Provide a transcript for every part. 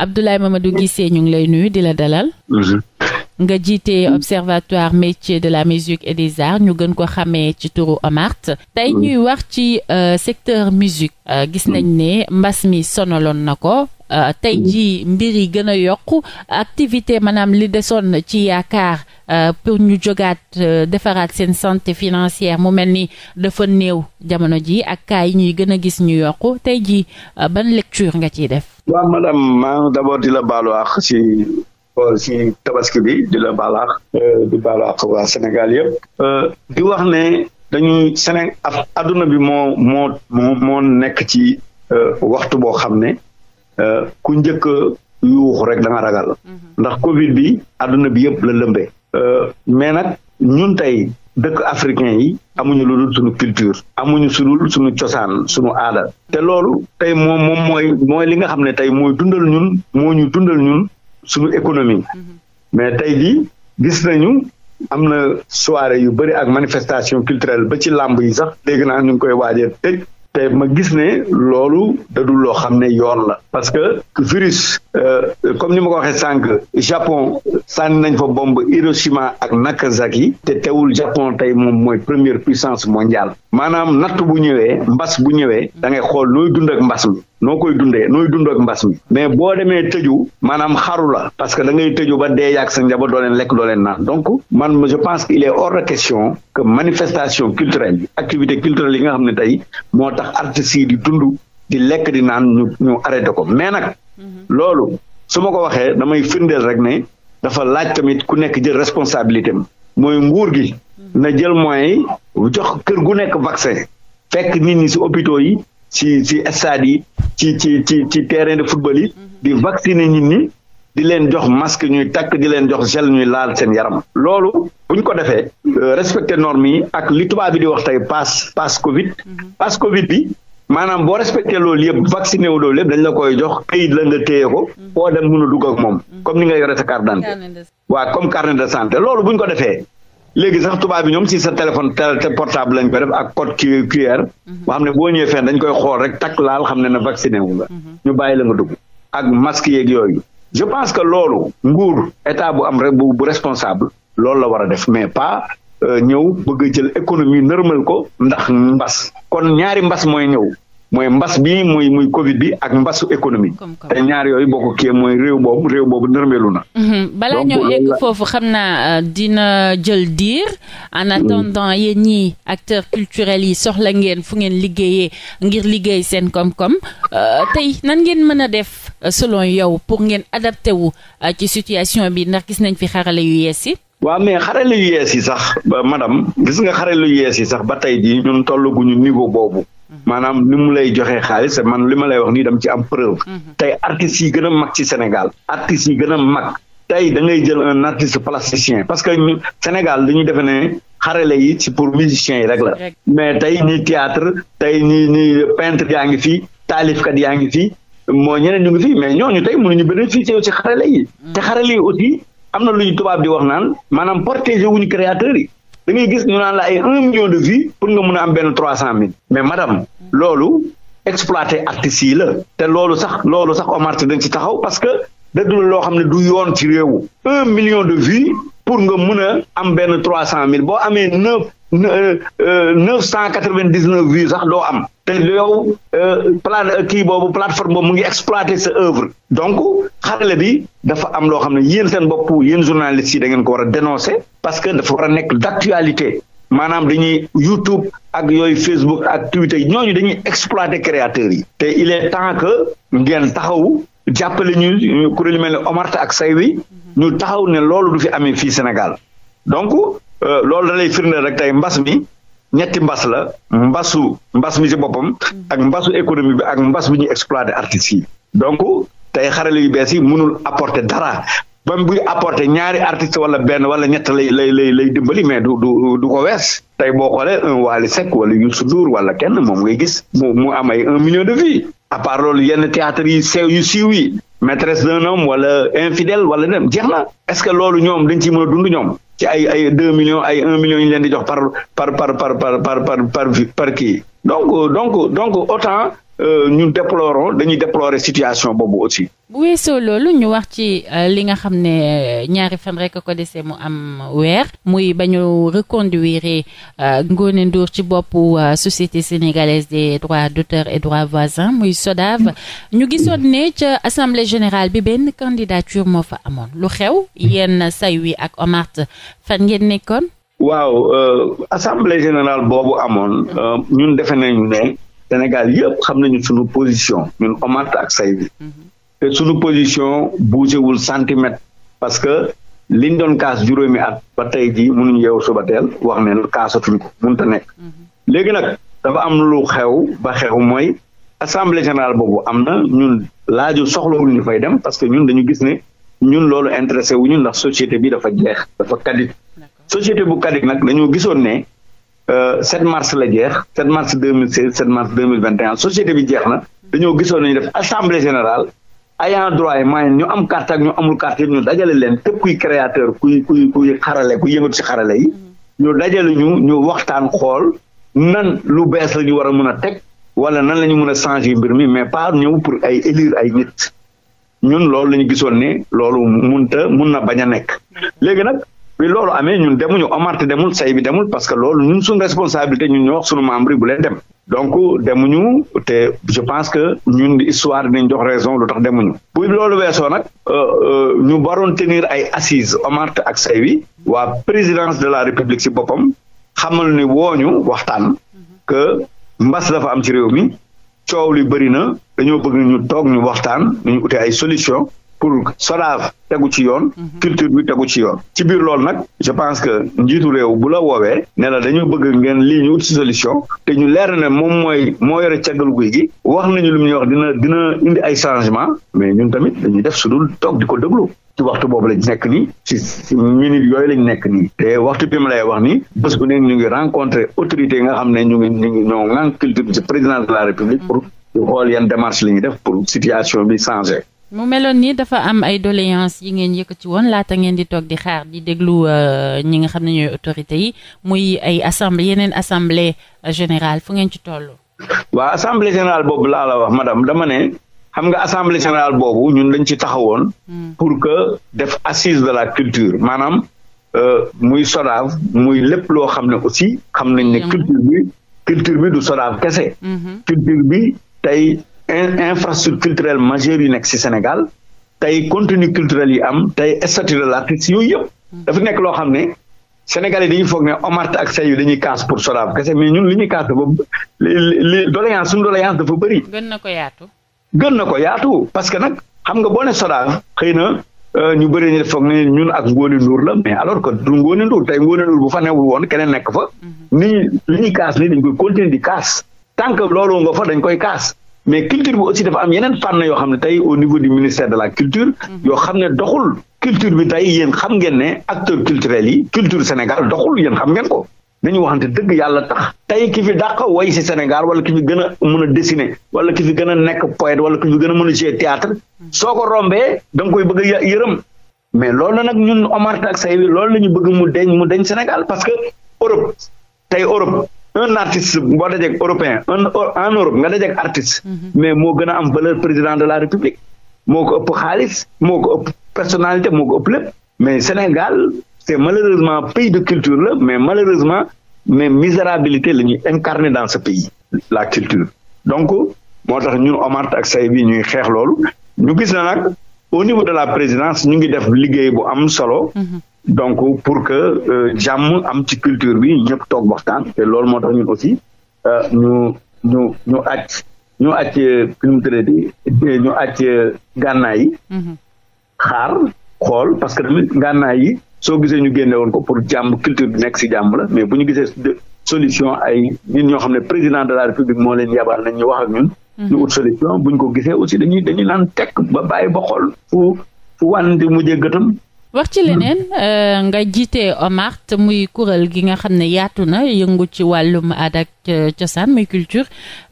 Abdoulaye Mamadou Guissé ñu ngi lay nuyu di la dalal. Mhm. nga jiite observatoire métier de la musique et des arts ñu gën ko xamee ci turu OMART tey mhm. ñuy wax ci euh, secteur musique euh, gis nañ mhm. ne mbas mi sonaloon na ko euh, tey ji mbir yi gën a yokk activité maanaam li desoon ci yaakaar pour ñu jógaat defaraat seen santé financière mu mel ni dafa néew jamono ji ak cas yi ñuy gën a gis ñu yokk tey ji ban lecture nga ciy def waa madame maa ngi d'abord di la baalu àq si si bi dila la euh, baalu àq Sénégal yëpp euh, di wax ne dañuy Séné adduna bi moo moo moo nekk ci euh, waxtu boo xam ne ku njëkk yuuxu rek da nga ragal mm-hmm. ndax Covid bi adduna bi yëpp la mais nag ñun tey dëkk africain yi amuñu lu dul suñu culture amuñu sulul suñu cosaan suñu aada te loolu tey moom moom mooy mooy li nga xam ne tey mooy dundal ñun moo ñu dundal ñun suñu économie mm-hmm. mais tey jii gis nañu am na soirée yu bëri ak manifestation culturelle ba ci làmb yi sax dégg naa ñu ngi koy waajee tëj te ma gis ne loolu dadul loo xam ne yoon la parce que virus euh, comme ni ma ko waxee sànq Japon sànni nañ fa bomb Hiroshima ak Nagasaki te teewul Japon tey moom mooy première puissance mondiale maanaam natt bu ñëwee mbas bu ñëwee da ngay xool nooy dund ak mbas mi noo koy dundee nooy dund ak mais boo demee tëju maanaam xaru parce que da ngay tëju ba dee yàgg sa njaboot doo leen lekk doo leen naan donc man je pense qu'il est hors de question que manifestation culturelle activité culturelle yi nga xam ne tey moo tax artistes yi di dundu di lekk di naan ñu ñu arrêté ko mais nag mhm. loolu su ma ko waxee damay firndeel rek ne dafa laaj tamit ku nekk jël responsabilité am mooy nguur gi mhm. na jël moyens yi jox kër gu nekk vaccin fekk nit ñi ci hôpitaux yi ci ci stade yi ci ci ci ci terrain de football yi mhm. di vacciner nit ñi di leen jox masque ñuy takk di leen jox gel ñuy laal seen yaram loolu bu ñu ko defee euh, respecter normes yi ak li tubaab bi di wax tey pass pass covid mhm. pass covid bi maanaam boo respecté loolu yëpp vacciné wu loolu yëpp dañ la koy jox këyit la nga téye ko mhm. foo dem mën a dugg ak moom comme ni nga yore sa carte d'identité waaw comme carnet de santé loolu bu ñu ko defee léegi sax tubaab bi ñoom si sa téléphone portable lañ ko def ak code QR. Mhm. boo xam ne boo ñëwee fenn dañ koy xool rek takk laal xam ne na vacciné wu nga. Mhm. ñu bàyyi la nga dugg ak masque yeeg yooyu. je pense que loolu nguur état bu am rek bu bu responsable loolu la war a def mais pas euh, ñëw bëgg jël économie normal ko ndax mbas kon ñaari mbas mooy ñëw. mooy mbas bi mooy muy Covid bi ak mbasu économie. te ñaar yooyu boo mooy réew boobu réew boobu nërmeelu na. Mhm. balaa ñoo foofu xam naa euh, dina jël diir. en mm. attendant yéen ñii acteur culturel yi soxla ngeen fu ngeen liggéeyee ngir liggéey seen koom-koom euh, tey nan ngeen mën a def euh, selon yow pour ngeen adapté wu ci situation bi ndax gis nañ fi xarale yu yees yi. waaw mais xarale yu yees yi sax madame gis nga xarale yu yees yi sax ba tey jii ñun tolluguñu niveau boobu. maanaam ni mu lay joxee xaalis man li ma lay wax nii dama ci am preuve mhm. tey artistes yi gën a mag ci Sénégal artistes yi gën a mag tey da ngay jël un artiste plasticien parce que Sénégal dañuy defe ne xarale yi ci pour musiciens yi rek la mais tey ñi théâtre tey ñi ñi peintre yaa ngi fi taalifkat yaa ngi fi moo ñeneen ñu ngi fi mais ñooñu tey mënuñu bénéficier wu ci xarale yi mhm. te xarale yi aussi am na lu ñu tubaab di wax naan maanaam protéger wuñu créateurs yi da ngay gis ñu naan la ay un million de vues pour nga mën a am benn trois cent mille mais madame loolu exploité artistes yi la te loolu sax loolu sax o martir dañ ci taxaw parce que da du loo xam ne du yoon ci réew un million de vues pour nga mën a am benn trois cent mille boo amee neuf euh, neuf cent quatre vingt dix neuf vues sax doo am te yow euh, plan euh, kii boobu plateforme boobu mu ngi exploité sa œuvre donc xarale bi dafa am loo xam ne yéen seen bopp yéen journalistes yi da ngeen ko war a dénoncer parce que dafa war a nekk d'actualité maanaam dañuy YouTube ak yooyu Facebook ak Twitter ñooñu dañuy exploiter créateur yi te il est temps que ngeen taxaw jàppale ñu kuréel yu mel ne Omarta ak say wi ñu taxaw ne loolu du fi amee fii Sénégal donc euh, loolu da lay a rek tey mbas mi ñetti mbas la mbasu mbas mi si boppam ak mbasu économie bi ak mbas bi ñuy exploité artistes yi donc tey xarale yu bees yi mënul apporter dara ba buy apporter ñaari artiste wala benn wala ñett lay lay lay lay dimbali mais du du du ko wees tey boo xoolee un Wally Seck wala Youssou Ndour wala kenn moom ngay gis mu mu am ay un million de vues à part loolu yenn théâtre yi sew yu siw yi maîtresse d'un homme wala infidèle wala dem jeex na est-ce que loolu ñoom dañ ciy mën a dund ñoom ci ay ay deux millions ay un million ñu leen di jox par par par par par par par par par kii donc donc donc autant euh, ñun déplorons dañuy déplorer situation boobu aussi bu weesoo loolu ñu wax ci euh, li nga xam ne euh, ñaari fan rek ko desee mu am weer muy ba ñu reconduire euh, Ngoné Ndour ci boppu société sénégalaise de droits d'auteur et droits voisins muy SODAV ñu gisoon ne ca assemblée générale bi benn candidature moo fa amoon lu xew yéen say wi ak OMART fan ngeen nekkoon. waaw assemblée générale boobu amoon ñun defe nañu ne Sénégal yëpp xam nañu suñu position ñun OMART ak say te suñu position bougé wul centimètre parce que liñ doon kaas juróomi at ba tey jii mënuñu yeewu suba teel wax ne kaasatuñ ko mënut a nekk. Mhm. léegi nag dafa am lu xew ba xew mooy assemblée générale boobu am na ñun laaju soxlawul ñu fay dem parce que ñun dañu gis ne ñun loolu intéressé wu ñu ndax société bi dafa jeex dafa kadit société bu kadit nag dañoo gisoon ne. Uh, mars la jeex 7 mars 2016 7 mars 2021 société bi jeex na mhm. dañoo gisoon nañu def assemblée générale ayant droit yi moyen ñu am carte ñu amul carte yëpp ñu dajale leen képp kuy créateur kuy kuy kuy xarale kuy yëngatu ci xarale yi mm. ñu dajale ñu ñu waxtaan xool nan lu bees la ñu war a mën a teg wala nan la mun a changé mbir mi mais par ñëw pour ay élire ay nit ñun loolu lañu gisoon ne loolu munta mun na bañ a nekk mm. léegi nag bi loolu amee ñun demuñu omarte demul say bi demul parce que loolu ñun suñu responsabilité ñun ñoo wax suñu membre yi bu leen dem donc demuñu te je pense que ñun histoire dinañ jox raison lu tax demuñu bu loolu weesoo nag euh, euh, ñu baroon tenir ay assises omarte ak say wi waa présidence de la république ci boppam xamal ni wooñu waxtaan que mbas dafa am ci réew mi coow li bëri na dañoo bëgg ñu toog ñu waxtaan ñu ute ay solution pour SODAV tegu ci yoon. Mhm. culture bi tegu ci yoon. ci biir loolu nag je pense que njiitu réew bu la woowee ne la dañoo bëgg ngeen lii ñu ut si solution te ñu leer ne moom mooy moo yore caggal guy gi wax nañu lu ñuy wax dina dina indi ay changement mais ñun tamit dañuy def su dul toog di ko déglu. ci waxtu boobu lañ nekk ni si ci minute yooyu lañ nekk nii te waxtu bi ma lay wax ni bés bu nekk ñu ngi rencontré autorité yi nga xam ne ñu ngi ñu ngi ñoo ŋànk culture bi ci président de la république pour ñu yan démarche la ñuy def pour situation bi changer mu meloon ni dafa am ay doléances yi ngeen yëkkati woon laata ngeen di toog di xaar di déglu euh, ñi nga xam ne ñooy autorités yi muy ay assemblée yeneen assemblée générale fu ngeen ci toll. waa assemblée générale boobu laa la wax madame dama ne xam nga assemblée générale boobu ñun dañ ci taxawoon. Hmm. pour que def assise de la culture maanaam euh, muy SODAV muy lépp loo xam ne aussi xam nañ ne culture bi culture bi du SODAV kese. Hmm. culture bi tey infrastructure culturelle majeure yu nekk ci Sénégal tey contenu culturel yi am tey statut de l'artiste yooyu yëpp nekk loo xam ne Sénégalais dañuy foog ne Omart ak Seyou dañuy kaas pour Sodav li ñuy kaas dafa li doléance suñu doléance dafa ko yaatu. gën na ko yaatu parce que nag xam nga boo ne Sodav na euh, ñu bëri ñu foog ne ñun ak Ngone Ndour la mais alors que du Ngone Ndour tey Ngone Ndour bu fa newul woon keneen nekk fa. Mhm. ni li ñuy kaas nii dañ koy continuer di kaas. tant loolu fa dañ koy kaas mais culture bi aussi dafa am yeneen fànn yoo xam ne tey au niveau du ministère de la culture mhm. yoo xam ne doxul culture bi tey yéen xam ngeen ne acteurs culturels yi culture Sénégal doxul yéen xam ngeen ko nañu waxante dëgg yàlla tax tey ki fi dàq way si Sénégal wala ki fi gën a mën a dessiner wala ki fi gën a nekk poète wala ki fi gën a mën a jouer théâtre mhm. soo ko rombee da koy bëgg a yërëm mais loolu nag ñun Omar ak say bi loolu la ñu bëgg mu deñ mu deñ Sénégal parce que Europe tey Europe un artiste boo dajeeg européen un en Europe nga dajeeg artiste. Mhm. mais moo gën a am valeur président de la République. moo ko ëpp xaalis moo ko ëpp personnalité moo ko ëpp lépp mais Sénégal c'est malheureusement pays de culture la mais malheureusement mais misérabilité la ñuy incarner dans ce pays. la culture donc moo tax ñun Omart ak say bi ñuy xeex loolu ñu gis na nag au niveau de la présidence ñu ngi def liggéey bu am solo. Mhm. donc pour que euh, jàmm am ci culture bi ñëpp toog waxtaan te loolu moo tax ñun aussi euh, ñu ñu ñu àcc ñu àcc nu mu tëddee ñu àcc gànnaay yi. Mhm. xaar xool parce que tamit gànnaay yi soo gisee ñu génne woon ko pour jàmm culture bi nekk ci jàmm la mais bu ñu gisee solution ay ñun ñoo xam ne président de la république moo leen yabal nañ ñu wax ak ñun. Mhm. ñu ut solution bu ko gisee aussi dañuy dañuy naan tekk ba bàyyi ba xool fu fu wànte mujjee gëtam wax ci leneen hmm. euh, nga jiite OMART muy kuréel gi nga xam ne yaatu na yëngu ci wàllum aada ak euh, cosaan muy culture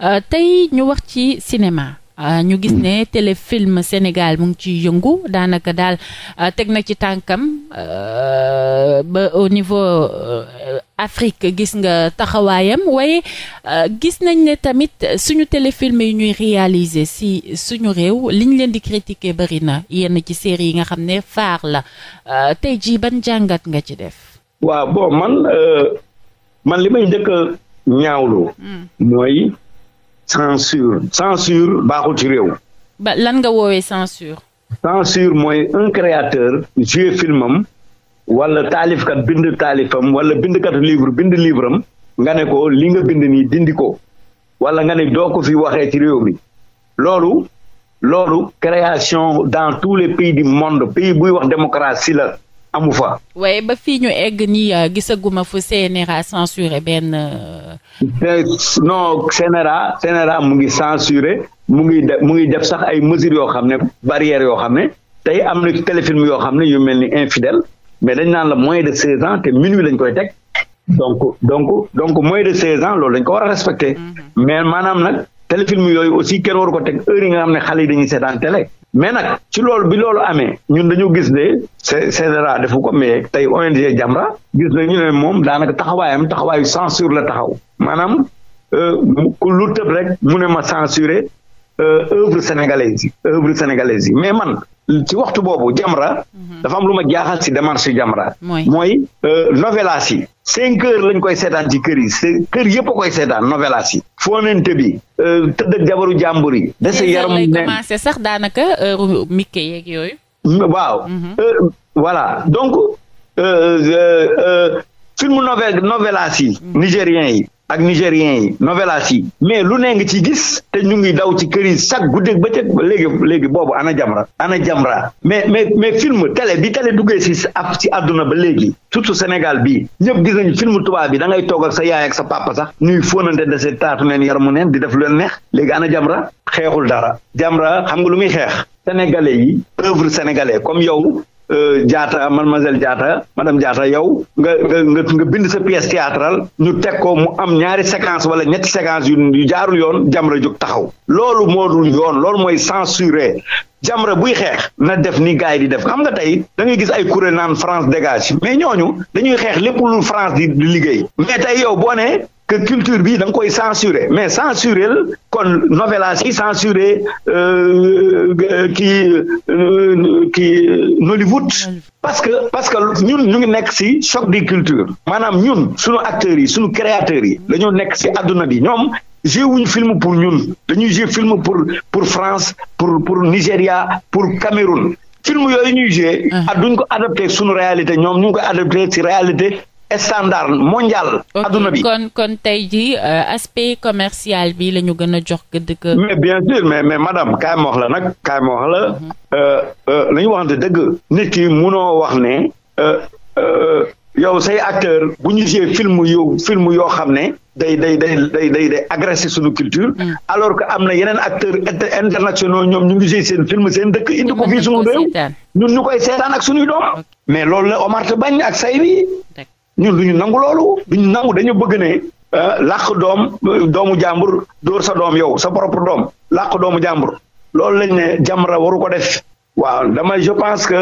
euh, tey ñu wax ci cinéma. Euh, ñu gis ne téléfilm Sénégal mu ngi ciy yëngu daanaka daal euh, teg na ci tànkam euh, ba au niveau Afrique gis nga taxawaayam waaye gis nañ ne tamit suñu téléfilm yi ñuy réaliser si suñu réew liñ leen di critiquer bari na yenn ci série yi nga xam ne faar la tey jii ban jàngat nga ci def. waaw bon man li may njëkk a hmm. mooy. censure censure baaxul ci réew. ba lan nga woowee censure. censure mooy un créateur joué filmam wala taalifkat bind taalifam wala bindkat livre bind livre am nga ne ko li nga bind nii dindi ko wala nga ne doo ko fi waxee ci réew mi loolu loolu création dans tous les pays du monde pays buy wax démocratie la amu fa. waaye ba fii ñu egg nii euh, gisaguma fu CNRA censuré benn. Euh, eh, non CNRA CNRA mu ngi censuré mu ngi def mu ngi def sax ay mesures yoo xam ne barrières yoo xam ne tey am na téléfilm yoo xam ne yu mel ni infidèle mais lañ naan la moins de seize ans te minuit lañ koy teg donc donc donc moins de seize ans loolu dañ ko war a respecté mm-hmm. mais maanaam nag téléfilm yooyu aussi kenn waru ko teg heure yi xam ne xale yi dañuy seetaan télé mais nag ci loolu bi loolu amee ñun dañu gis ne CNRA defu ko mais tey ONG Jamra gis ñu ne moom daanaka taxawaayam taxawaayu censure la taxaw maanaam euh, ku lu tëb rek mu ne ma censuré Euh, œuvre sénégalaise yi œuvre sénégalaise yi mais man ci waxtu boobu Jamra mhm. dafa am lu ma jaaxal ci démarche Jamra mooy euh, novelas yi cinq heures lañ koy seetaan ci kër yi kër yëpp a koy seetaan novelas yi foonante bi euh, tëdd ak jabaru jàmbur yi dese yaram ne commencé sax daanaka heure Mickey yeeg yooyu waaw mhm. voilà donc film novel novelas yi mhm. nigériens yi ak nigérien yi novelas yi mais lu ne nga ci gis te ñu ngi daw ci kër yi chaque guddeeg bëccëg léegi léegi boobu ana jamra ana jamra mais mais mais film télé bi télé duggee si ab si àdduna ba léegi surtout Sénégal bii ñëpp gis nañu film tubaab bi dangay ngay toog ak sa yaay ak sa papa sax ñuy fóonante de se taatu neen mu neen di def lu leen neex léegi ana jamra xeexul dara jamra xam nga lu muy xeex sénégalais yi œuvre sénégalais comme yow Euh, Diatta mademoiselle Diatta madame Diatta yow nga nga nga bind sa pièce théâtrale ñu teg ko mu am ñaari séquence wala ñetti séquence yu jaarul yoon Jamra jóg taxaw loolu moo dul yoon loolu mooy censuré Jamra buy xeex na def ni gars yi di def xam nga tey da ngay gis ay kuréel naan France dégage mais ñooñu dañuy xeex lépp lu France di liggéey mais tey yow boo que culture bi da nga koy censurer mais censurer kon novelas yi censurer euh, euh, kii euh, kii Nollywood parce que parce que ñun ñu ngi nekk si choc di culture maanaam ñun suñu acteurs yi suñu créateurs yi dañoo nekk si àdduna bi ñoom joué wuñ film pour ñun dañuy joué film pour pour France pour pour Nigéria pour Cameroun film yooyu ñu joué. Uh-huh. ak ah, duñ ko adapté suñu réalité ñoom ñu ngi ko adapté ci réalité standard mondial. adduna bi kon kon tey jii euh, aspe commercial bi la ñu gën a jox gëdd ko. mais bien sûr mais mais madame kaay ma wax la nag kaay ma wax la. la mhm. euh, euh, ñu waxante dëgg. nit ki munoo wax ne. yow say acteur bu ñu gisee film yu film yoo xam ne day day day day day day agressé suñu culture. Mhm. alors que am na yeneen acteurs internationaux ñoom ñu ngi gisee seen film seen dëkk indi ko fii suñu réew. ñun ñu koy seetaan ak suñuy doom. mais loolu la Omar T bañ ak say bi ñun du ñu nangu loolu du ñu nangu dañu bëgg ne euh, làq doom doomu jàmbur dóor sa doom yow sa propre doom làq doomu jàmbur loolu lañ ne Jamra waru ko def waaw dama je pense que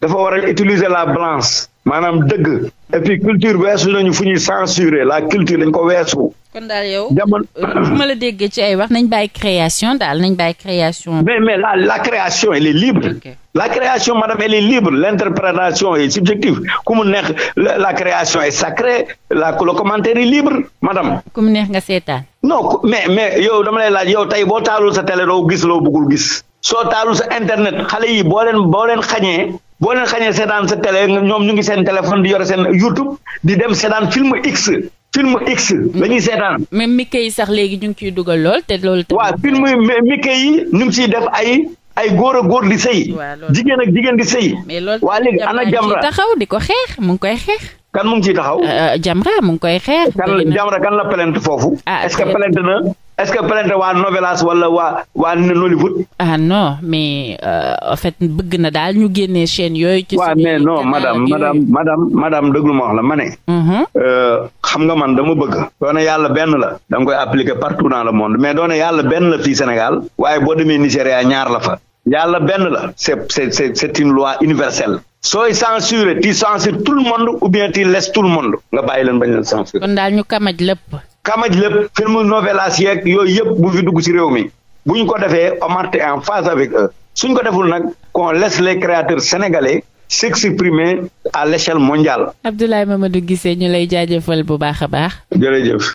dafa war a utiliser la balance maanaam dëgg et puis culture weesu nañu fu ñuy censurer la culture dañ ko weesu. kon daal yow jamono bu euh, ma la déggee ci ay wax nañ bàyyi création daal nañ bàyyi création. mais mais la la création elle est libre. Okay. la création madame elle est libre l'interprétation est subjective ku mu neex la création est sacrée la le commentaire est libre madame. ku neex nga seetaan. non mais mais yow dama lay laaj yow tey boo taalul sa tele doo gis loo bëggul gis. soo taalul sa internet xale yi boo leen boo leen xañee. boo leen xañee seetaan sa télé ñoom ñu ngi seen téléphone di yore seen YouTube di dem seetaan film X. film X la ñuy seetaan. mais Mickey yi sax léegi ñu ngi ciy dugal lool te lool loolu. waaw film Mickey yi ñu ngi ciy def ay ay góor a góor di sëy. jigéen ak jigéen di sëy. mais loolu waa léegi ana Jamra taxaw di ko xeex mu ngi koy xeex. kan mu ngi ciy taxaw. Euh, Jamra mu ngi koy xeex. kan Jamra kan la plainte foofu. Ah, est-ce que plainte na. est-ce que plainte waa Novelas wala waa waa Nollywood. ah non mais euh, en fait bëgg na daal ñu génnee chaîne yooyu. ci waaw mais non madame madame madame madame déglu ma wax la ma ne. Mhm. Euh, xam nga man dama bëgg. doone yàlla benn la. da nga koy appliquer partout dans le monde mais doone yàlla benn la fii Sénégal. waaye boo demee Nigéria ñaar la fa. yàlla benn la. c'est c'est c'est une loi universelle. sooy censuré tu censures tout le monde ou bien tu laisses tout le monde. nga bàyyi leen bañ kamaj lépp film novelas yeeg yooyu yëpp bu fi dugg ci réew mi bu ñu ko defee Omar est en phase avec eux suñ ko deful nag qu'on laisse les créateurs sénégalais s'exprimer à l'échelle mondiale. Abdoulaye Mamadou gisee ñu lay jaajëfal bu baax a baax. jërëjëf.